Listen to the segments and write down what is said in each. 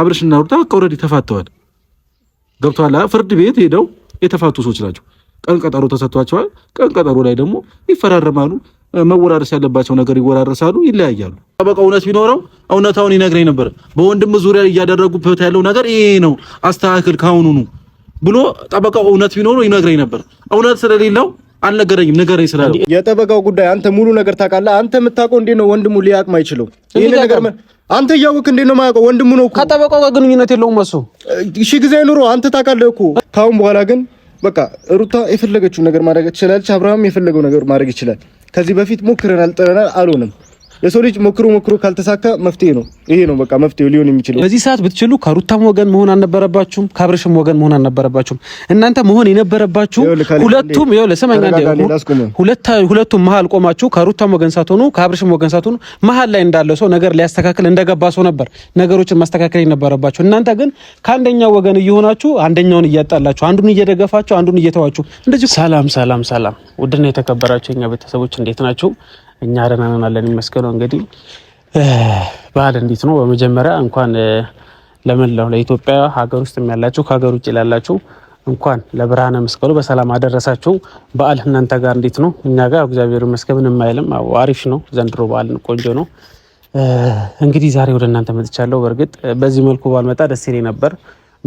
አብርሽና ሩታ በቃ ኦልሬዲ ተፋተዋል። ገብቷል። ፍርድ ቤት ሄደው የተፋቱ ሰዎች ናቸው። ቀን ቀጠሮ ተሰጥቷቸዋል። ቀን ቀጠሮ ላይ ደግሞ ይፈራረማሉ። መወራረስ ያለባቸው ነገር ይወራረሳሉ፣ ይለያያሉ። ጠበቃ እውነት ቢኖረው እውነታውን ይነግረኝ ነበር። በወንድም ዙሪያ እያደረጉበት ያለው ነገር ይሄ ነው፣ አስተካክል ካሁኑኑ ብሎ ጠበቃው እውነት ቢኖረው ይነግረኝ ነበር። እውነት ስለሌለው አልነገረኝም፣ ንገረኝ ስላለው የጠበቃው ጉዳይ አንተ ሙሉ ነገር ታውቃለህ። አንተ የምታውቀው እንዴት ነው ወንድሙ ሊያቅም አይችለው ይሄን ነገር አንተ እያወቅህ እንዴት ነው የማያውቀው? ወንድሙ ነው እኮ ከጠበቃው ጋር ግንኙነት የለውም እሱ። እሺ ጊዜ ኑሮ አንተ ታውቃለህ እኮ። ካሁን በኋላ ግን በቃ ሩታ የፈለገችው ነገር ማድረግ ትችላለች። አብርሃም የፈለገው ነገር ማድረግ ይችላል። ከዚህ በፊት ሞክረናል፣ ጥረናል፣ አልሆንም ለሰው ልጅ ሞክሮ ሞክሮ ካልተሳካ መፍትሄ ነው ይሄ ነው በቃ መፍትሄው ሊሆን የሚችለው። በዚህ ሰዓት ብትችሉ ከሩታም ወገን መሆን አልነበረባችሁም፣ ከአብርሽም ወገን መሆን አልነበረባችሁም። እናንተ መሆን የነበረባችሁ ሁለቱም ይኸው ለሰማኛ ሁለታ ሁለቱም መሀል ቆማችሁ ከሩታም ወገን ሳትሆኑ ከአብረሽም ወገን ሳትሆኑ መሀል ላይ እንዳለው ሰው ነገር ሊያስተካክል እንደገባ ሰው ነበር ነገሮችን ማስተካከል የነበረባችሁ። እናንተ ግን ከአንደኛው ወገን እየሆናችሁ አንደኛውን እያጣላችሁ፣ አንዱን እየደገፋችሁ፣ አንዱን እየተዋችሁ እንደዚህ። ሰላም ሰላም ሰላም! ውድና የተከበራችሁ የኛ ቤተሰቦች እንዴት ናችሁ? እኛ ደህና ነን አለን ይመስገነው። እንግዲህ በዓል እንዴት ነው? በመጀመሪያ እንኳን ለመላው ለኢትዮጵያ ሀገር ውስጥ ያላችሁ ከሀገር ውጭ ላላችሁ እንኳን ለብርሃነ መስቀሉ በሰላም አደረሳችሁ። በዓል እናንተ ጋር እንዴት ነው? እኛ ጋር እግዚአብሔር ይመስገን ምንም አይልም፣ አሪፍ ነው። ዘንድሮ በዓል ቆንጆ ነው። እንግዲህ ዛሬ ወደ እናንተ መጥቻለሁ። በእርግጥ በዚህ መልኩ ባልመጣ ደስ ይለኝ ነበር።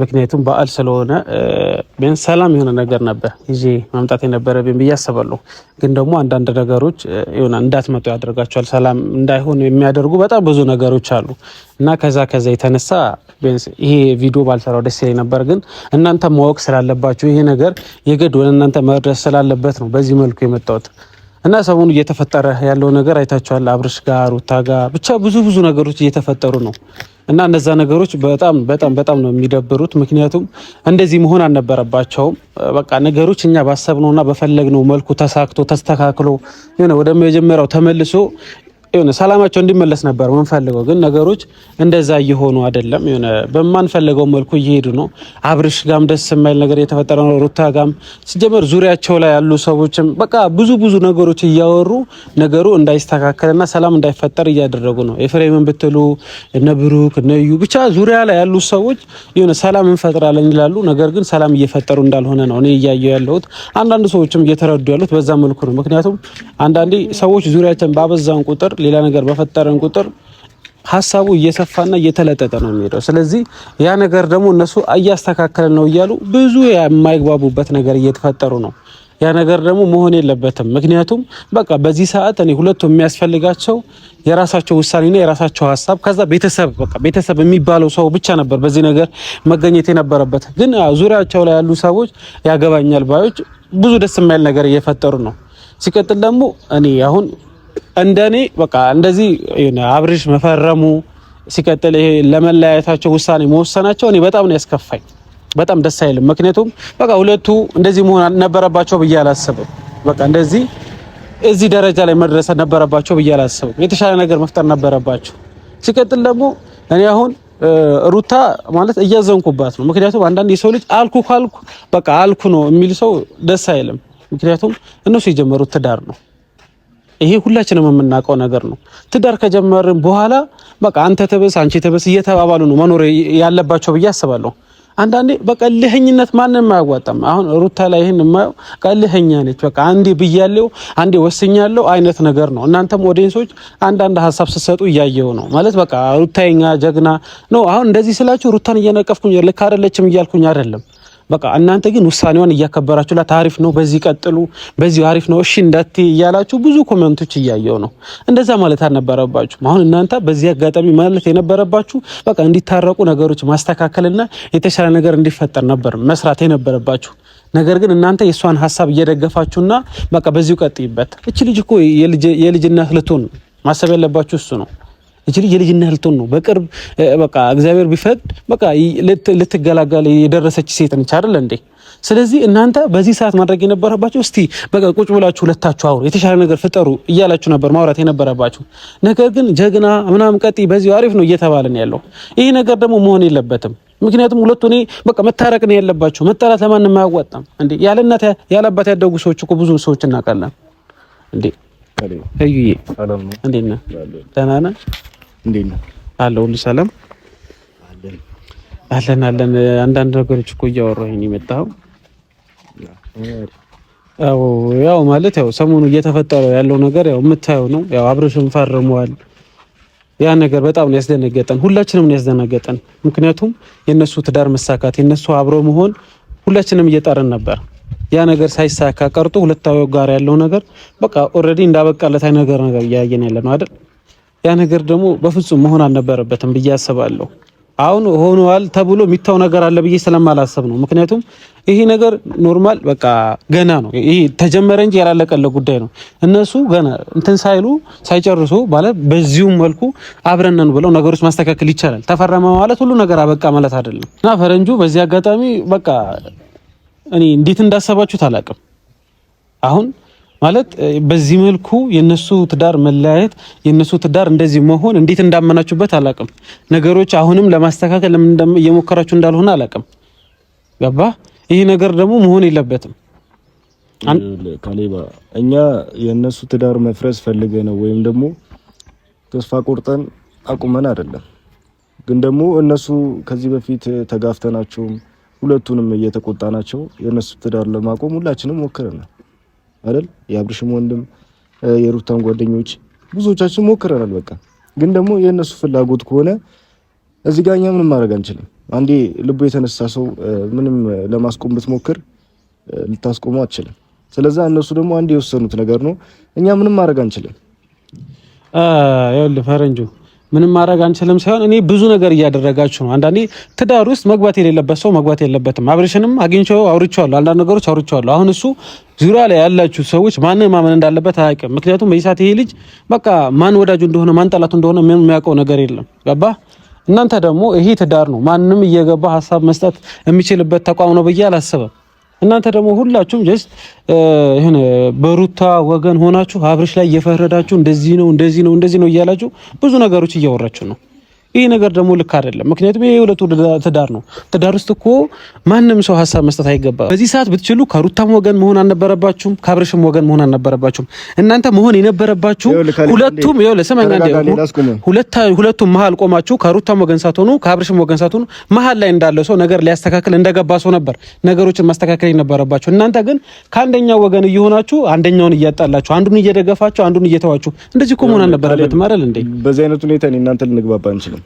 ምክንያቱም በዓል ስለሆነ ቢያንስ ሰላም የሆነ ነገር ነበር ይዤ መምጣት የነበረብኝ ብዬ አስባለሁ። ግን ደግሞ አንዳንድ ነገሮች ሆነ እንዳትመጡ ያደርጋቸዋል። ሰላም እንዳይሆን የሚያደርጉ በጣም ብዙ ነገሮች አሉ እና ከዛ ከዛ የተነሳ ቢያንስ ይሄ ቪዲዮ ባልሰራው ደስ ይለኝ ነበር። ግን እናንተ ማወቅ ስላለባችሁ ይሄ ነገር የግድ ወደ እናንተ መድረስ ስላለበት ነው በዚህ መልኩ የመጣሁት እና ሰሞኑ እየተፈጠረ ያለው ነገር አይታችኋል። አብርሽ ጋር ሩታ ጋር ብቻ ብዙ ብዙ ነገሮች እየተፈጠሩ ነው እና እነዛ ነገሮች በጣም በጣም በጣም ነው የሚደብሩት። ምክንያቱም እንደዚህ መሆን አልነበረባቸውም። በቃ ነገሮች እኛ ባሰብነውና በፈለግነው መልኩ ተሳክቶ ተስተካክሎ ወደ መጀመሪያው ተመልሶ የሆነ ሰላማቸው እንዲመለስ ነበር የምንፈልገው፣ ግን ነገሮች እንደዛ እየሆኑ አይደለም። የሆነ በማንፈልገው መልኩ እየሄዱ ነው። አብርሽ ጋም ደስ የማይል ነገር የተፈጠረ ነው። ሩታ ጋም ሲጀመር ዙሪያቸው ላይ ያሉ ሰዎችም በቃ ብዙ ብዙ ነገሮች እያወሩ ነገሩ እንዳይስተካከልና ሰላም እንዳይፈጠር እያደረጉ ነው። ኤፍሬምን ብትሉ እነ ብሩክ እነ እዩ ብቻ ዙሪያ ላይ ያሉ ሰዎች የሆነ ሰላም እንፈጥራለን ይላሉ። ነገር ግን ሰላም እየፈጠሩ እንዳልሆነ ነው እኔ እያየሁ ያለሁት። አንዳንድ ሰዎችም እየተረዱ ያሉት በዛ መልኩ ነው። ምክንያቱም አንዳንዴ ሰዎች ዙሪያቸውን ባበዛን ቁጥር ቁጥር ሌላ ነገር በፈጠረን ቁጥር ሀሳቡ እየሰፋና እየተለጠጠ ነው የሚሄደው። ስለዚህ ያ ነገር ደግሞ እነሱ እያስተካከለ ነው እያሉ ብዙ የማይግባቡበት ነገር እየተፈጠሩ ነው። ያ ነገር ደግሞ መሆን የለበትም። ምክንያቱም በቃ በዚህ ሰዓት እኔ ሁለቱ የሚያስፈልጋቸው የራሳቸው ውሳኔና የራሳቸው ሀሳብ ከዛ ቤተሰብ በቃ ቤተሰብ የሚባለው ሰው ብቻ ነበር በዚህ ነገር መገኘት የነበረበት። ግን ዙሪያቸው ላይ ያሉ ሰዎች ያገባኛል ባዮች ብዙ ደስ የማይል ነገር እየፈጠሩ ነው። ሲቀጥል ደግሞ እኔ አሁን እንደኔ በቃ እንደዚህ አብርሽ መፈረሙ ሲቀጥል ይሄ ለመለያየታቸው ውሳኔ መወሰናቸው እኔ በጣም ነው ያስከፋኝ። በጣም ደስ አይልም። ምክንያቱም በቃ ሁለቱ እንደዚህ መሆን ነበረባቸው ብዬ አላስብም። በቃ እንደዚህ እዚህ ደረጃ ላይ መድረስ ነበረባቸው ብዬ አላስብም። የተሻለ ነገር መፍጠር ነበረባቸው። ሲቀጥል ደግሞ እኔ አሁን ሩታ ማለት እያዘንኩባት ነው። ምክንያቱም አንዳንድ የሰው ልጅ አልኩ ካልኩ በቃ አልኩ ነው የሚል ሰው ደስ አይልም። ምክንያቱም እነሱ የጀመሩት ትዳር ነው ይሄ ሁላችንም የምናውቀው ነገር ነው። ትዳር ከጀመርን በኋላ በቃ አንተ ትብስ አንቺ ትብስ እየተባባሉ ነው መኖር ያለባቸው ብዬ አስባለሁ። አንዳንዴ በቃ ልህኝነት ማንም አያዋጣም። አሁን ሩታ ላይ ይህን የማየው እልህኛ ነች። በቃ አንዴ ብያለው አንዴ ወስኛለው አይነት ነገር ነው። እናንተም ኦዲየንሶች አንዳንድ ሀሳብ ስትሰጡ እያየው ነው ማለት በቃ ሩታኛ ጀግና ነው። አሁን እንደዚህ ስላችሁ ሩታን እየነቀፍኩኝ ልክ አደለችም እያልኩኝ አይደለም በቃ እናንተ ግን ውሳኔዋን እያከበራችሁላት አሪፍ ነው፣ በዚህ ቀጥሉ፣ በዚህ አሪፍ ነው፣ እሺ እንዳት እያላችሁ ብዙ ኮሜንቶች እያየው ነው። እንደዛ ማለት አልነበረባችሁ። አሁን እናንተ በዚህ አጋጣሚ ማለት የነበረባችሁ በቃ እንዲታረቁ ነገሮች ማስተካከልና የተሻለ ነገር እንዲፈጠር ነበር መስራት የነበረባችሁ። ነገር ግን እናንተ የእሷን ሀሳብ እየደገፋችሁና በቃ በዚሁ ቀጥይበት። እች ልጅ እኮ የልጅነት ልትሆን ማሰብ ያለባችሁ እሱ ነው። እቺ ልጅ የልጅነት ልትሆን ነው። በቅርብ በቃ እግዚአብሔር ቢፈቅድ በቃ ልትገላገል የደረሰች ሴት ነች አይደል እንዴ? ስለዚህ እናንተ በዚህ ሰዓት ማድረግ የነበረባችሁ እስቲ በቃ ቁጭ ብላችሁ ሁለታችሁ አውሩ፣ የተሻለ ነገር ፍጠሩ እያላችሁ ነበር ማውራት የነበረባችሁ ነገር ግን ጀግና ምናምን ቀጢ በዚሁ አሪፍ ነው እየተባለ ነው ያለው። ይሄ ነገር ደግሞ መሆን የለበትም። ምክንያቱም ሁለቱ እኔ በቃ መታረቅ ነው ያለባቸው። መጣላት ለማንም አያዋጣም እንዴ። ያለ እናት ያለ አባት ያደጉ ሰዎች እኮ ብዙ ሰዎች እናውቃለን እንዴ። እዩዬ፣ እንዴት ነህ? ደህና ነህ? እንዴት ነው አለ? ሁሉ ሰላም አለን አለን። አንዳንድ ነገሮች እኮ እያወራሁ ነው የመጣው። ያው ያው ማለት ያው ሰሞኑ እየተፈጠረ ያለው ነገር ያው የምታየው ነው። ያው አብርሽም ፈርመዋል። ያ ነገር በጣም ነው ያስደነገጠን፣ ሁላችንም ነው ያስደነገጠን። ምክንያቱም የነሱ ትዳር መሳካት የነሱ አብሮ መሆን ሁላችንም እየጠረን ነበር። ያ ነገር ሳይሳካ ቀርቶ ሁለታዊ ጋር ያለው ነገር በቃ ኦልሬዲ እንዳበቃለት አይ ነገር ነገር እያየን ያለ ነው አይደል? ያ ነገር ደግሞ በፍጹም መሆን አልነበረበትም ብዬ አስባለሁ። አሁን ሆኗል ተብሎ የሚታው ነገር አለ ብዬ ስለማላሰብ ነው። ምክንያቱም ይሄ ነገር ኖርማል በቃ ገና ነው። ይሄ ተጀመረ እንጂ ያላለቀለ ጉዳይ ነው። እነሱ ገና እንትን ሳይሉ ሳይጨርሱ ማለት በዚሁም መልኩ አብረነን ብለው ነገሮች ማስተካከል ይቻላል። ተፈረመ ማለት ሁሉ ነገር አበቃ ማለት አይደለም እና ፈረንጁ በዚህ አጋጣሚ በቃ እኔ እንዴት እንዳሰባችሁት አላቅም አሁን ማለት በዚህ መልኩ የነሱ ትዳር መለያየት የነሱ ትዳር እንደዚህ መሆን እንዴት እንዳመናችሁበት አላቅም። ነገሮች አሁንም ለማስተካከል ለምን እየሞከራችሁ እንዳልሆነ አላቅም። ገባ? ይሄ ነገር ደግሞ መሆን የለበትም። ካሌባ እኛ የነሱ ትዳር መፍረስ ፈልገ ነው ወይም ደግሞ ተስፋ ቆርጠን አቁመን አይደለም። ግን ደግሞ እነሱ ከዚህ በፊት ተጋፍተናቸውም ሁለቱንም እየተቆጣናቸው የነሱ ትዳር ለማቆም ሁላችንም ሞክረናል። አይደል? የአብርሽም ወንድም የሩታን ጓደኞች ብዙዎቻችን ሞክረናል። በቃ ግን ደግሞ የእነሱ ፍላጎት ከሆነ እዚህ ጋር እኛ ምንም ማድረግ አንችልም። አንዴ ልቡ የተነሳ ሰው ምንም ለማስቆም ብትሞክር ልታስቆሙ አትችልም። ስለዛ እነሱ ደግሞ አንድ የወሰኑት ነገር ነው። እኛ ምንም ማድረግ አንችልም። ያው ፈረንጁ ምንም ማድረግ አንችልም ሳይሆን እኔ ብዙ ነገር እያደረጋችሁ ነው። አንዳንዴ ትዳር ውስጥ መግባት የሌለበት ሰው መግባት የለበትም። አብሬሽንም አግኝቼው አውርቼዋለሁ፣ አንዳንድ ነገሮች አውርቼዋለሁ። አሁን እሱ ዙሪያ ላይ ያላችሁ ሰዎች ማንን ማመን እንዳለበት አያውቅም። ምክንያቱም በይሳት ይሄ ልጅ በቃ ማን ወዳጁ እንደሆነ ማን ጠላቱ እንደሆነ ምንም የሚያውቀው ነገር የለም። ገባ እናንተ ደግሞ ይሄ ትዳር ነው። ማንም እየገባ ሀሳብ መስጠት የሚችልበት ተቋም ነው ብዬ አላስብም። እናንተ ደግሞ ሁላችሁም ጀስት ይሄን በሩታ ወገን ሆናችሁ አብርሽ ላይ እየፈረዳችሁ እንደዚህ ነው እንደዚህ ነው እንደዚህ ነው እያላችሁ ብዙ ነገሮች እያወራችሁ ነው። ይሄ ነገር ደግሞ ልክ አይደለም። ምክንያቱም ይሄ ሁለቱ ትዳር ነው። ትዳር ውስጥ እኮ ማንም ሰው ሀሳብ መስጠት አይገባም። በዚህ ሰዓት ብትችሉ ከሩታም ወገን መሆን አልነበረባችሁም፣ ከአብርሽም ወገን መሆን አልነበረባችሁም። እናንተ መሆን የነበረባችሁ ሁለቱም ይኸውልህ ስማኝ፣ ሁለቱም መሀል ቆማችሁ ከሩታም ወገን ሳትሆኑ ከአብርሽም ወገን ሳትሆኑ መሀል ላይ እንዳለ ሰው ነገር ሊያስተካክል እንደገባ ሰው ነበር ነገሮችን ማስተካከል የነበረባችሁ። እናንተ ግን ከአንደኛው ወገን እየሆናችሁ አንደኛውን እያጣላችሁ፣ አንዱን እየደገፋችሁ፣ አንዱን እየተዋችሁ እንደዚህ እኮ መሆን አልነበረበትም አይደል እንዴ? በዚህ አይነት ሁኔታ እናንተ ልንግባባ አንችልም።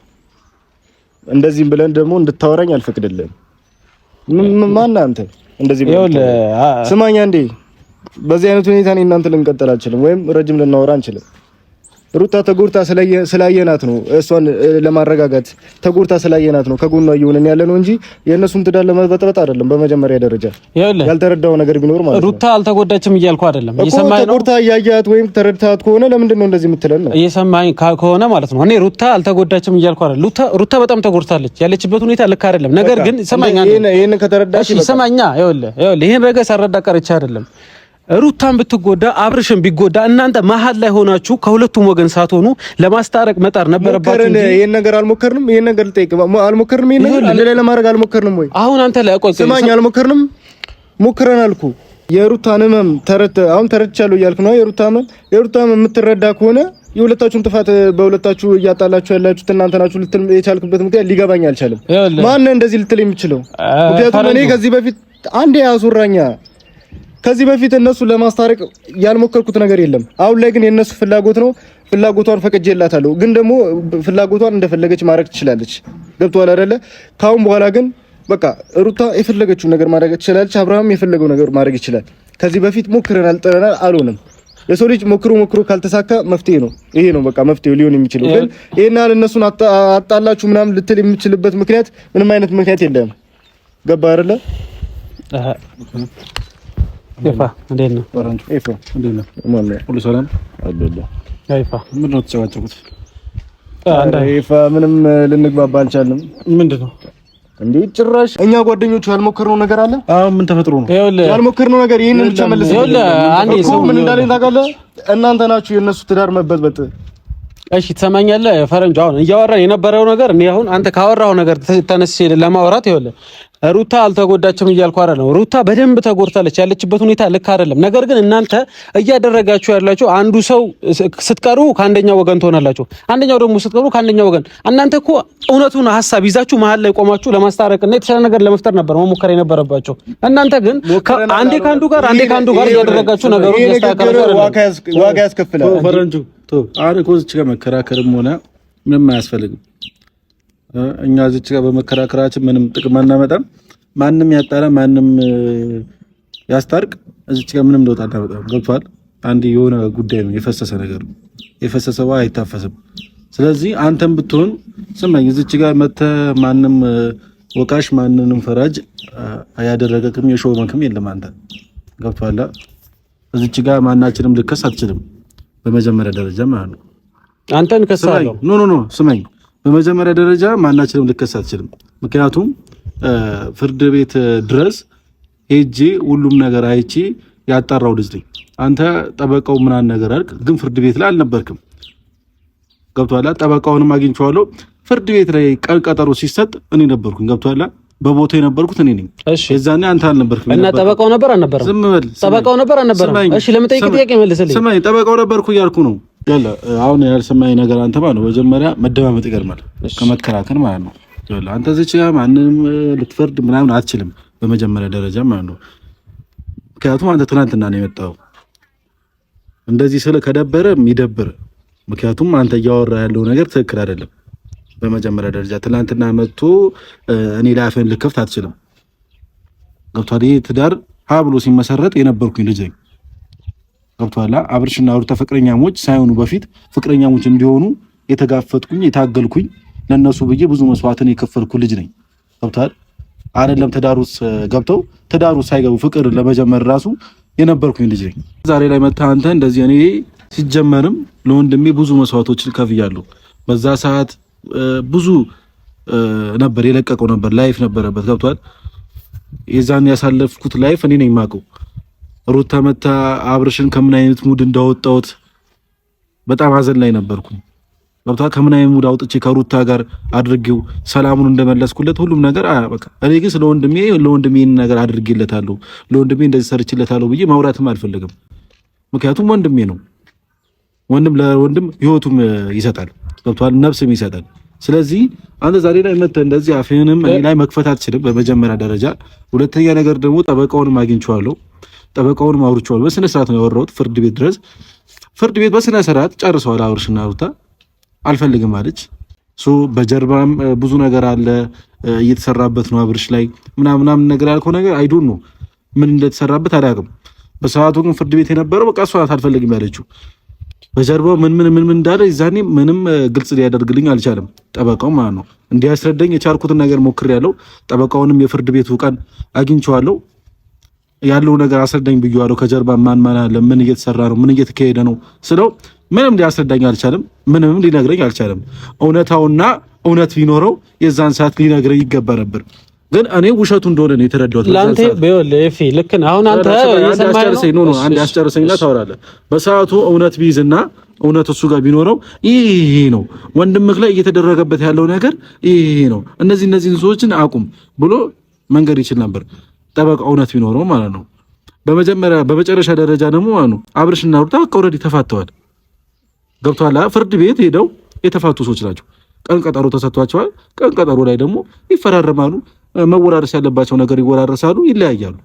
እንደዚህም ብለን ደግሞ እንድታወራኝ አልፈቅድልህም። ማን አንተ እንደዚህ ስማኛ እንዴ! በዚህ አይነት ሁኔታ እኔ እናንተ ልንቀጥል አንችልም፣ ወይም ረጅም ልናወራ አንችልም። ሩታ ተጎድታ ስላየናት ነው። እሷን ለማረጋጋት ተጎድታ ስላየናት ነው ከጎኗ እየሆንን ያለ ነው እንጂ የእነሱን ትዳር ለመበጥበጥ አይደለም። በመጀመሪያ ደረጃ ያልተረዳው ነገር ቢኖር ማለት ነው ሩታ አልተጎዳችም እያልኩ አይደለም። እየሰማኸኝ ነው። ተጎድታ እያያት ወይም ተረድታት ከሆነ ለምንድን ነው እንደዚህ የምትለን ነው? እየሰማኸኝ ከሆነ ማለት ነው እኔ ሩታ አልተጎዳችም እያልኩ አይደለም። ሩታ ሩታ በጣም ተጎድታለች። ያለችበት ሁኔታ ልክ አይደለም። ነገር ግን ይሰማኛል። ይሄን ከተረዳሽ ይሰማኛል። ይኸውልህ ይሄን ረገስ ሳረዳ ቀርቼ አይደለም ሩታን ብትጎዳ አብርሽን ቢጎዳ እናንተ መሀል ላይ ሆናችሁ ከሁለቱም ወገን ሳትሆኑ ለማስታረቅ መጣር ነበረባችሁ እንጂ ይሄን ነገር አልሞከርንም። ይሄን ነገር ልጠይቅ አልሞከርንም። ይሄን ነገር ላይ ለማድረግ አልሞከርንም ወይ? አሁን አንተ ላይ ቆይ ስማኝ፣ አልሞከርንም። ሞክረናል እኮ የሩታን ህመም ተረት አሁን ተረድቻለሁ እያልክ ነው። የሩታ ህመም የሩታ ህመም የምትረዳ ከሆነ የሁለታችሁን ጥፋት በሁለታችሁ እያጣላችሁ ያላችሁት እናንተ ናችሁ ልትል የቻልክበት ምክንያት ሊገባኝ አልቻለም። ማን እንደዚህ ልትል የሚችለው? ምክንያቱም እኔ ከዚህ በፊት አንዴ ያዙራኛ ከዚህ በፊት እነሱ ለማስታረቅ ያልሞከርኩት ነገር የለም። አሁን ላይ ግን የእነሱ ፍላጎት ነው። ፍላጎቷን ፈቅጄላታለሁ። ግን ደግሞ ፍላጎቷን እንደፈለገች ማድረግ ትችላለች። ገብቶሃል አይደለ? ካሁን በኋላ ግን በቃ ሩታ የፈለገችው ነገር ማድረግ ትችላለች። አብርሃም የፈለገው ነገር ማድረግ ይችላል። ከዚህ በፊት ሞክረናል፣ ጥረናል፣ አልሆነም። የሰው ልጅ ሞክሮ ሞክሮ ካልተሳካ መፍትሄ ነው ይሄ ነው በቃ መፍትሄው ሊሆን የሚችለው። ግን ይሄን ያህል እነሱን አጣላችሁ ምናምን ልትል የምችልበት ምክንያት ምንም አይነት ምክንያት የለም። ገባ አይደለ? ይፋ አይደለም። ምንም ልንግባባ አልቻልንም። ምንድን ነው እንዴ? ጭራሽ እኛ ጓደኞቹ ያልሞከርነው ነገር አለ። አሁን ምን ተፈጥሮ ነው ያልሞከርነው ነገር? ይሄንን ብቻ መልስ። አንዴ ሰው ምን እንዳለ ታውቃለህ? እናንተ ናችሁ የእነሱ ትዳር መበጥበጥ። እሺ ትሰማኛለህ? ፈረንጅ አሁን እያወራን የነበረው ነገር እኔ አሁን አንተ ካወራው ነገር ተነስቼ ለማውራት ይኸውልህ ሩታ አልተጎዳችም እያልኩ አይደለም። ሩታ በደንብ ተጎድታለች። ያለችበት ሁኔታ ልክ አይደለም። ነገር ግን እናንተ እያደረጋችሁ ያላችሁ አንዱ ሰው ስትቀሩ ከአንደኛው ወገን ትሆናላችሁ፣ አንደኛው ደግሞ ስትቀሩ ከአንደኛው ወገን። እናንተ እኮ እውነቱን ሀሳብ ይዛችሁ መሀል ላይ ቆማችሁ ለማስታረቅ እና የተሻለ ነገር ለመፍጠር ነበር መሞከር የነበረባቸው። እናንተ ግን አንዴ ከአንዱ ጋር አንዴ ከአንዱ ጋር እያደረጋችሁ ነገሩን ዋጋ ያስከፍላል። ፈረንጁ ቶ አሪኮዝ መከራከርም ሆነ ምንም አያስፈልግም። እኛ እዚች ጋር በመከራከራችን ምንም ጥቅም አናመጣም። ማንም ያጣላ ማንም ያስታርቅ። እዚች ጋር ምንም ለውጥ አናመጣም። ገብቷል። አንድ የሆነ ጉዳይ ነው፣ የፈሰሰ ነገር ነው። የፈሰሰ ውሃ አይታፈስም። ስለዚህ አንተም ብትሆን ስማኝ፣ እዚች ጋር መተህ ማንም ወቃሽ ማንንም ፈራጅ ያደረገክም የሾመክም የለም። አንተ ገብቷል። እዚች ጋር ማናችንም ልከስ አትችልም፣ በመጀመሪያ ደረጃ ማለት ነው። አንተን ከሳለሁ። ኖ ኖ ኖ፣ ስማኝ በመጀመሪያ ደረጃ ማናችንም ልከስ አትችልም። ምክንያቱም ፍርድ ቤት ድረስ ሄጄ ሁሉም ነገር አይቼ ያጣራው ልጅ ነኝ። አንተ ጠበቃው ምናን ነገር አልክ፣ ግን ፍርድ ቤት ላይ አልነበርክም። ገብቶሃል? ጠበቃውንም አግኝቼዋለሁ። ፍርድ ቤት ላይ ቀን ቀጠሮ ሲሰጥ እኔ ነበርኩኝ። ገብቶሃል? በቦታ የነበርኩት እኔ ነኝ። እሺ፣ የዛኔ አንተ አልነበርክም። እና ጠበቃው ነበር አልነበረም? ዝም በል። ጠበቃው ነበር አልነበረም? እሺ፣ ለምን ጠይቅ ጥያቄ መልሰልኝ። ስማኝ፣ ጠበቃው ነበርኩ እያልኩ ነው ያለ አሁን ያልሰማኝ ነገር አንተ ማለት ነው። መጀመሪያ መደማመጥ ይገርማል ከመከራከር ማለት ነው። አንተ እዚህ ጋር ማንንም ልትፈርድ ምናምን አትችልም፣ በመጀመሪያ ደረጃ ማለት ነው። ምክንያቱም አንተ ትናንትና ነው የመጣው። እንደዚህ ስለ ከደበረ ይደብር። ምክንያቱም አንተ እያወራ ያለው ነገር ትክክል አይደለም። በመጀመሪያ ደረጃ ትናንትና መጥቶ እኔ ላይ ልከፍት አትችልም። ገብቷል። ይህ ትዳር ሀ ብሎ ሲመሰረት የነበርኩኝ ልጅ ነኝ ገብቶሃል? አብርሽና ሩታ ፍቅረኛሞች ሳይሆኑ በፊት ፍቅረኛሞች እንዲሆኑ የተጋፈጥኩኝ የታገልኩኝ ለእነሱ ብዬ ብዙ መስዋዕትን የከፈልኩ ልጅ ነኝ። ገብቶሃል? አይደለም ትዳሩስ ገብተው ትዳሩ ሳይገቡ ፍቅር ለመጀመር ራሱ የነበርኩኝ ልጅ ነኝ። ዛሬ ላይ መታ አንተ እንደዚህ እኔ ሲጀመርም ለወንድሜ ብዙ መስዋዕቶችን ከፍያለሁ። በዛ ሰዓት ብዙ ነበር የለቀቀው ነበር ላይፍ ነበረበት ገብቷል። የዛን ያሳለፍኩት ላይፍ እኔ ነኝ የማውቀው። ሩታ መታ አብርሽን ከምን አይነት ሙድ እንዳወጣሁት በጣም ሀዘን ላይ ነበርኩ። ገብታ ከምን አይነት ሙድ አውጥቼ ከሩታ ጋር አድርጌው ሰላሙን እንደመለስኩለት ሁሉም ነገር በቃ እኔ ግን ለወንድሜ ለወንድሜ ይህን ነገር አድርጌለታለሁ፣ ለወንድሜ እንደዚህ ሰርችለታለሁ ብዬ ማውራትም አልፈልግም። ምክንያቱም ወንድሜ ነው። ወንድም ለወንድም ህይወቱም ይሰጣል፣ ገብቷል፣ ነፍስም ይሰጣል። ስለዚህ አንተ ዛሬ ላይ መተህ እንደዚህ አፍህንም እኔ ላይ መክፈት አትችልም፣ በመጀመሪያ ደረጃ። ሁለተኛ ነገር ደግሞ ጠበቃውንም አግኝቼዋለሁ ጠበቃውንም አውርቼዋለሁ። በስነ ስርዓት ነው ያወራሁት ፍርድ ቤት ድረስ። ፍርድ ቤት በስነ ስርዓት ጨርሰዋል። አብርሽና ሩታ አልፈልግም አለች። በጀርባም ብዙ ነገር አለ እየተሰራበት ነው አብርሽ ላይ ምናምናም ነገር ያልከው ነገር አይዱን ነው ምን እንደተሰራበት አላውቅም። በሰዓቱ ግን ፍርድ ቤት የነበረው በቃ እሷ ናት አልፈልግም ያለችው። በጀርባው ምን ምን ምን እንዳለ ይዛኔ ምንም ግልጽ ሊያደርግልኝ አልቻለም ጠበቃው ማለት ነው። እንዲያስረዳኝ የቻልኩትን ነገር ሞክሬያለሁ። ጠበቃውንም የፍርድ ቤቱ ቀን አግኝቼዋለሁ። ያለው ነገር አስረዳኝ ብየዋለሁ። ከጀርባ ማን ማን አለ፣ ምን እየተሰራ ነው፣ ምን እየተካሄደ ነው ስለው ምንም ሊያስረዳኝ አልቻለም። ምንም ሊነግረኝ አልቻለም። እውነታውና እውነት ቢኖረው የዛን ሰዓት ሊነግረኝ ይገባ ነበር። ግን እኔ ውሸቱ እንደሆነ ነው የተረዳሁት። ላንተ በዮል ኤፊ ልክ ነው። አሁን አንተ የሰማኸው ነው ነው አንድ አስጨርሰኝና ታወራለህ። በሰዓቱ እውነት ቢይዝና እውነት እሱ ጋር ቢኖረው ይሄ ነው ወንድምህ ላይ እየተደረገበት ያለው ነገር ይሄ ነው፣ እነዚህ እነዚህን ሰዎችን አቁም ብሎ መንገድ ይችል ነበር። ጠበቃ እውነት ቢኖረው ማለት ነው። በመጀመሪያ በመጨረሻ ደረጃ ደግሞ ማለት ነው አብርሽና ሩታ በቃ ኦልሬዲ ተፋተዋል። ገብቷል። ፍርድ ቤት ሄደው የተፋቱ ሰዎች ናቸው። ቀን ቀጠሮ ተሰጥቷቸዋል። ቀን ቀጠሮ ላይ ደግሞ ይፈራረማሉ። መወራረስ ያለባቸው ነገር ይወራረሳሉ፣ ይለያያሉ።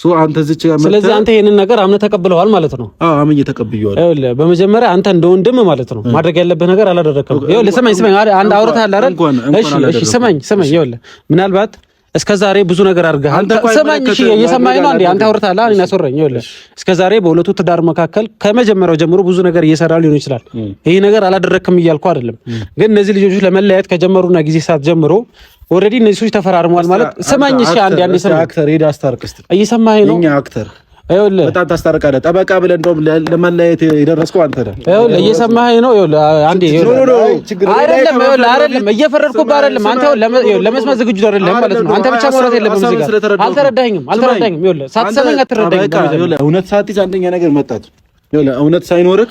ሶ አንተ ዝች ስለዚህ አንተ ይሄንን ነገር አምነህ ተቀብለዋል ማለት ነው። አዎ አምኜ ተቀብየዋለሁ። በመጀመሪያ አንተ እንደ ወንድም ማለት ነው ማድረግ ያለብህ ነገር አላደረክም። ይኸውልህ ስማኝ፣ ስማኝ፣ አንድ አውርተሃል አይደል? እሺ፣ እሺ፣ ስማኝ፣ ስማኝ፣ ይኸውልህ ምናልባት እስከ ዛሬ ብዙ ነገር አድርገሃል። ስማኝ፣ እየሰማኸኝ ነው? አንተ አውርተሃል፣ እኔን አስወራኝ። ይኸውልህ እስከ ዛሬ በሁለቱ ትዳር መካከል ከመጀመሪያው ጀምሮ ብዙ ነገር እየሰራ ሊሆን ይችላል። ይሄ ነገር አላደረክም እያልኩ አይደለም፣ ግን እነዚህ ልጆች ለመለያየት ከጀመሩና ጊዜ ሰዓት ጀምሮ ኦልሬዲ እነዚህ ሰዎች ተፈራርመዋል ማለት። ሰማኝ፣ እሺ፣ አንዴ አንዴ፣ ስማኝ፣ እየሰማኸኝ ነው? አክተር በጣም ታስታርቃለህ። ጠበቃ ብለህ እንደውም ለመለየት የደረስከው አንተ ነህ። ይኸውልህ እየሰማኸኝ ነው። ይኸውልህ አንዴ አይደለም፣ ይኸውልህ አይደለም፣ እየፈረድኩብህ አይደለም። አንተ ለመስማት ዝግጁ አይደለም ማለት ነው። አንተ ብቻ ማውራት የለብህም እዚህ ጋር። አልተረዳኸኝም፣ አልተረዳኸኝም። ይኸውልህ ሳትሰማኝ አትረዳኸኝም። እውነት ሳትይዝ አንደኛ ነገር መጣች። ይኸውልህ እውነት ሳይኖርህ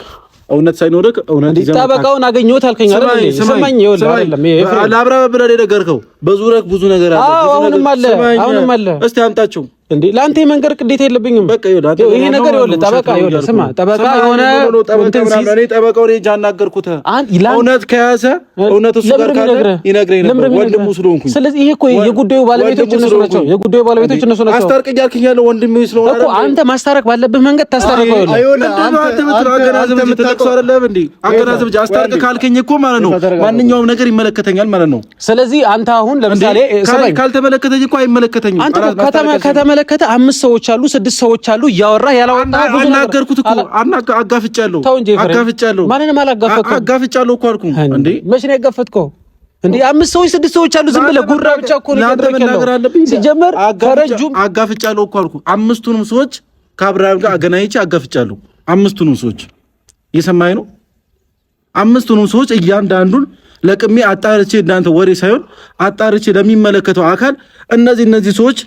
እውነት ሳይኖርህ እውነት ይዘህ ጠበቃውን አገኘሁት አልከኝ አይደል? ስማኝ፣ ይኸውልህ አይደለም ለአብረህ ብለህ የነገርከው በዙሪያህ ብዙ ነገር አለ። አሁንም አለ፣ አሁንም አለ። እስቲ አምጣቸው እንዴ ለአንተ የመንገድ ግዴታ የለብኝም። በቃ ይወዳት ይሄ ነገር ይወለ ጠበቃ ይወለ ስማ፣ ጠበቃ የሆነ እንትን ሲዝ እኔ ጠበቃው ላይ አናገርኩት። እውነት ከያዘ እውነት እሱ ጋር ካለ ይነግረኝ ነበር ወንድሙ ስለሆንኩኝ። ስለዚህ ይሄ እኮ የጉዳዩ ባለቤቶች እነሱ ናቸው፣ የጉዳዩ ባለቤቶች እነሱ ናቸው። አስታርቅ እያልክኝ ያለው ወንድሙ ስለሆነ እኮ አንተ ማስታረቅ ባለብህ መንገድ ታስታርቀው። ይወለ አገናዘብ አስታርቅ ካልከኝ እኮ ማለት ነው ማንኛውም ነገር ይመለከተኛል ማለት ነው። ስለዚህ አንተ አሁን ለምሳሌ ካልተመለከተኝ እኮ አይመለከተኝም። አንተ ከተማ ከተማ በተመለከተ አምስት ሰዎች አሉ፣ ስድስት ሰዎች አሉ። እያወራ ያላወጣ ብዙ ነገር አናገርኩት እኮ አጋፍጫለሁ። ተው እንጂ አጋፍጫለሁ። ማንንም አላጋፈጥኩም። አጋፍጫለሁ እኮ አልኩ እንዴ። መቼ ነው ያጋፈጥከው? እንዴ አምስት ሰዎች ስድስት ሰዎች አሉ። ዝም ብለህ ጉራ ብቻ እኮ ነው ያደረከው። ሲጀመር ከረጁም አጋፍጫለሁ እኮ አልኩ። አምስቱንም ሰዎች ከአብርሃም ጋር አገናኝቼ አጋፍጫለሁ። አምስቱንም ሰዎች እየሰማኸኝ ነው? አምስቱንም ሰዎች እያንዳንዱን ለቅሜ አጣርቼ እንዳንተ ወሬ ሳይሆን አጣርቼ ለሚመለከተው አካል እነዚህ እነዚህ ሰዎች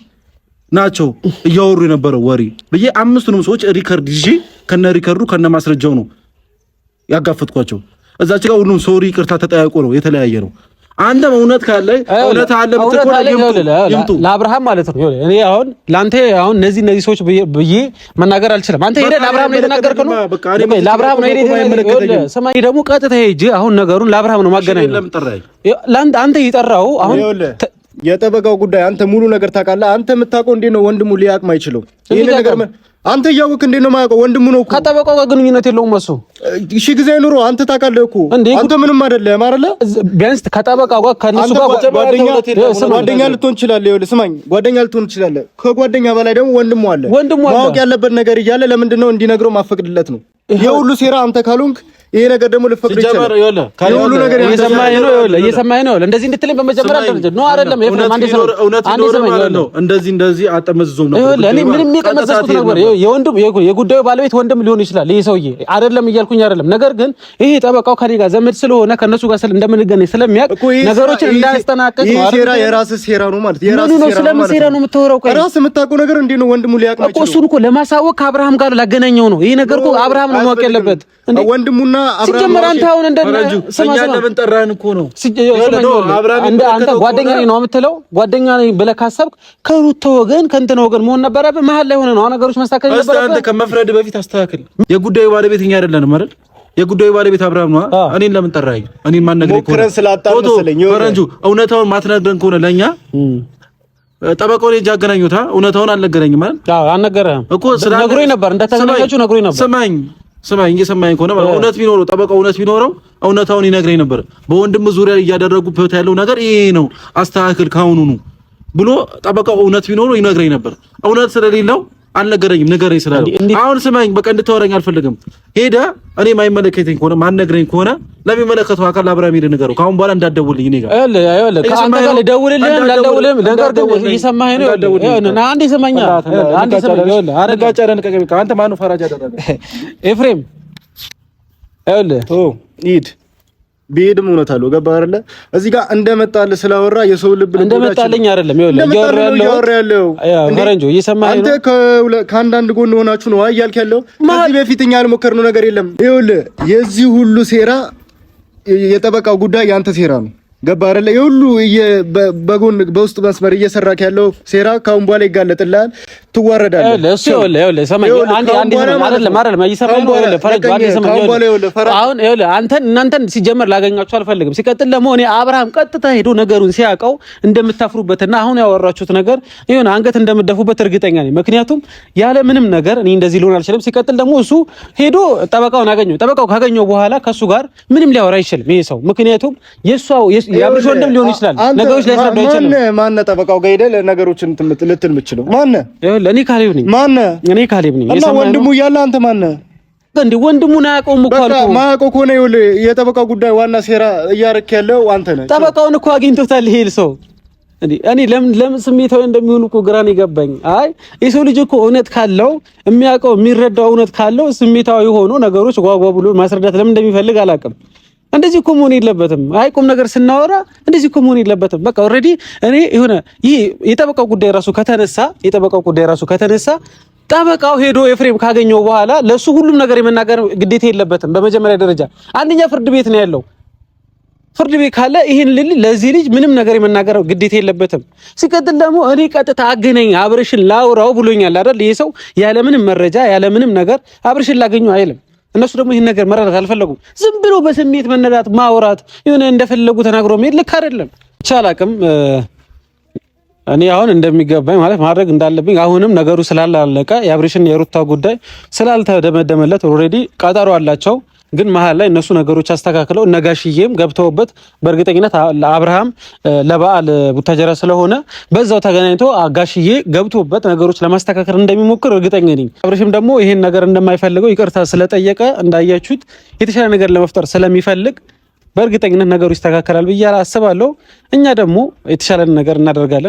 ናቸው እያወሩ የነበረው ወሬ ብዬ አምስቱንም ሰዎች ሪከርድ ይዤ ከነ ሪከርዱ ከነ ማስረጃው ነው ያጋፈጥኳቸው። እዛች ጋር ሁሉም ሶሪ ቅርታ ተጠያይቆ ነው የተለያየ ነው። አንተም እውነት ካለ እውነት አለ ብትቆ ለአብርሃም ማለት ነው። እኔ አሁን ለአንተ አሁን እነዚህ እነዚህ ሰዎች ብዬ መናገር አልችልም። አንተ ሄደህ ለአብርሃም ነው የተናገርከው ነው። ለአብርሃም ነው ሄደህ ስማ፣ ደግሞ ቀጥታ ሂጅ። አሁን ነገሩን ለአብርሃም ነው ማገናኘው። አንተ የጠራኸው አሁን የጠበቃው ጉዳይ አንተ ሙሉ ነገር ታውቃለህ። አንተ የምታውቀው እንዴት ነው ወንድሙ ሊያውቅ ማይችለው? ይሄን ነገር አንተ እያወቅህ እንዴት ነው የማያውቀው? ወንድሙ ነው እኮ ከጠበቃው ጋር ግንኙነት የለውም እሱ። እሺ ጊዜ ኑሮ አንተ ታውቃለህ እኮ አንተ ምንም አይደለም አይደለ? ቢያንስ ከጠበቀው ጋር ከነሱ ጋር ጓደኛ ልትሆን ትችላለህ። ይኸውልህ ስማኝ፣ ጓደኛ ልትሆን ትችላለህ። ከጓደኛ በላይ ደግሞ ወንድሙ አለ። ወንድሙ አለ ማወቅ ያለበት ነገር እያለ ለምንድን ነው እንዲነግረው ማፈቅድለት ነው? የሁሉ ሴራ አንተ ካልሆንክ ይሄ ነገር ደግሞ ልፈቅድ ይችላል። ሁሉ ነገር እየሰማኸኝ ነው፣ እየሰማኸኝ ነው። እንደዚህ እንድትለኝ በመጀመሪያ ደረጃ ነው። አይደለም ኤፍሬም፣ አንዴ ሰማኝ፣ አንዴ ሰማኝ። ይኸውልህ እንደዚህ እንደዚህ አጠመዝዞም ነው። ይኸውልህ እኔ ምንም የቀመዘዝኩት ነገር የወንድም የጉዳዩ ባለቤት ወንድም ሊሆን ይችላል ይሄ ሰውዬ፣ አይደለም እያልኩኝ አይደለም። ነገር ግን ይሄ ጠበቃው ከኔ ጋር ዘመድ ስለሆነ ከእነሱ ጋር እንደምንገናኝ ስለሚያውቅ ነገሮችን እንዳያስተናቅቅ ነው። ሴራ የራስህ ሴራ ነው ማለት የራስህ ሴራ ነው። ስለምን ሴራ ነው የምታወራው? ቆይ ራስህ የምታውቀው ነገር እንዴት ነው ወንድሙ ሊያውቅ ነው? እኮ እሱን እኮ ለማሳወቅ ከአብርሃም ጋር ላገናኘው ነው። ይሄ ነገር እኮ አብርሃም ነው ማወቅ ያለበት ወንድሙና ሲጀመር አንተ አሁን እንደ ስማ ስማ ጓደኛ ነው የምትለው። ጓደኛ ነኝ ብለህ ካሰብክ ከሩታ ወገን ከእንትን ወገን መሆን ነበረብህ። መሀል ላይ ሆነህ ነው ነገሮች መስተካከል ነበረብህ። አንተ ከመፍረድ በፊት አስተካክል። የጉዳዩ ባለቤት እኛ አይደለንም አይደል? የጉዳዩ ባለቤት አብርሃም ነው። እኔን ለምን ጠራኸኝ? እኔን ማን ነግረኝ? ሞክረን ስላጣን መሰለኝ። ፈረንጁ እውነታውን ማትነግረን ከሆነ ለእኛ ጠበቃውን ሄጄ አገናኙታ። እውነታውን አልነገረኝም ማለት አዎ፣ አልነገረህም እኮ ነግሮኝ ነበር። እንደተገናኛችሁ ነግሮኝ ነበር። ስማኝ ስማኝ እየሰማኝ ከሆነ እውነት ቢኖረው ጠበቃው እውነት ቢኖረው እውነታውን ይነግረኝ ነበር። በወንድም ዙሪያ እያደረጉበት ያለው ነገር ይሄ ነው፣ አስተካክል ካሁኑኑ ብሎ ጠበቃው እውነት ቢኖረው ይነግረኝ ነበር። እውነት ስለሌለው አልነገረኝም። ንገረኝ ስላለው አሁን ስማኝ፣ በቃ እንድታወራኝ አልፈልግም። ሄደ እኔ ማይመለከተኝ ከሆነ ማነግረኝ ከሆነ ለሚመለከተው አካል አብራም ሄደ ነገረው። ከአሁን በኋላ እንዳትደውልልኝ እኔ ጋር ያለ ያለ ጋር ነገር ነው? እና ማነው ፈራጅ አደረገ ኤፍሬም? ያለ ኦ ኢድ ቢሄድም እውነት አለው። ገባህ አይደለ? እዚህ ጋር እንደመጣል ስላወራ የሰው ልብ እንደመጣልኝ አይደለም። ይኸውልህ እያወራ ያለው ፈረንጆ እየሰማኸኝ አንተ ከአንዳንድ ጎን ሆናችሁ ነው እያልክ ያለው። ከዚህ በፊት እኛ ያልሞከርነው ነገር የለም። ይኸውልህ የዚህ ሁሉ ሴራ የጠበቃው ጉዳይ የአንተ ሴራ ነው። ገባ አይደለ? የሁሉ በጎን በውስጥ መስመር እየሰራክ ያለው ሴራ ካሁን በኋላ ይጋለጥልሃል፣ ትዋረዳለህ። ለሱ እናንተን ሲጀመር ላገኛችሁ አልፈልግም። ሲቀጥል ደግሞ እኔ አብርሃም ቀጥታ ሄዶ ነገሩን ሲያውቀው እንደምታፍሩበትና አሁን ያወራችሁት ነገር ይሁን አንገት እንደምደፉበት እርግጠኛ ነኝ። ምክንያቱም ያለ ምንም ነገር እኔ እንደዚህ ሊሆን አልችልም። ሲቀጥል ደግሞ እሱ ሄዶ ጠበቃውን አገኘው። ጠበቃው ካገኘው በኋላ ከእሱ ጋር ምንም ሊያወራ አይችልም ይሄ ሰው ምክንያቱም የአብርሽ ወንድም ሊሆን ይችላል። ነገሮች ላይ ሰምዶ ይችላል። ጠበቃው ጋር ሄደህ ልትል የምችለው እኔ ካሌብ ነኝ። እኔ ካሌብ ነኝ። እና ወንድሙ እያለ አንተ እንደ ወንድሙን አያውቀውም እኮ አልኩህ። ማያውቀው ከሆነ ይኸውልህ የጠበቃው ጉዳይ ዋና ሴራ ያለው አንተ ነህ። ጠበቃውን እኮ አግኝቶታል ይሄ ሰው። እኔ ለምን ለምን ስሜታዊ እኮ አይ የሰው ልጅ እኮ እውነት ካለው የሚያውቀው የሚረዳው እውነት ካለው ስሜታዊ ሆኖ ነገሮች ጓጓ ብሎ ማስረዳት ለምን እንደሚፈልግ አላውቅም። እንደዚህ እኮ መሆን የለበትም። አይ ቁም ነገር ስናወራ እንደዚህ እኮ መሆን የለበትም። በቃ ኦልሬዲ እኔ የሆነ ይህ የጠበቃው ጉዳይ ራሱ ከተነሳ የጠበቃው ጉዳይ ራሱ ከተነሳ ጠበቃው ሄዶ ኤፍሬም ካገኘው በኋላ ለሱ ሁሉም ነገር የመናገር ግዴታ የለበትም። በመጀመሪያ ደረጃ አንደኛ ፍርድ ቤት ነው ያለው። ፍርድ ቤት ካለ ይህን ልል ለዚህ ልጅ ምንም ነገር የመናገር ግዴታ የለበትም። ሲቀጥል ደግሞ እኔ ቀጥታ አገናኝ አብርሽን ላውራው ብሎኛል አይደል? ይህ ሰው ያለምንም መረጃ ያለምንም ነገር አብርሽን ላገኘው አይልም። እነሱ ደግሞ ይህን ነገር መረዳት አልፈለጉም። ዝም ብሎ በስሜት መነዳት፣ ማውራት፣ የሆነ እንደፈለጉ ተናግሮ መሄድ ልክ አይደለም። ቻላቅም እኔ አሁን እንደሚገባኝ ማለት ማድረግ እንዳለብኝ አሁንም ነገሩ ስላላለቀ የአብሬሽን የሩታ ጉዳይ ስላልተደመደመለት ኦልሬዲ ቀጠሮ አላቸው ግን መሀል ላይ እነሱ ነገሮች አስተካክለው እነ ጋሽዬም ገብተውበት በእርግጠኝነት ለአብርሃም ለበዓል ቡታጀራ ስለሆነ በዛው ተገናኝቶ አጋሽዬ ገብቶበት ነገሮች ለማስተካከል እንደሚሞክር እርግጠኛ ነኝ። አብርሽም ደግሞ ይሄን ነገር እንደማይፈልገው ይቅርታ ስለጠየቀ እንዳያችሁት የተሻለ ነገር ለመፍጠር ስለሚፈልግ በእርግጠኝነት ነገሩ ይስተካከላል ብዬ አስባለሁ። እኛ ደግሞ የተሻለን ነገር እናደርጋለን።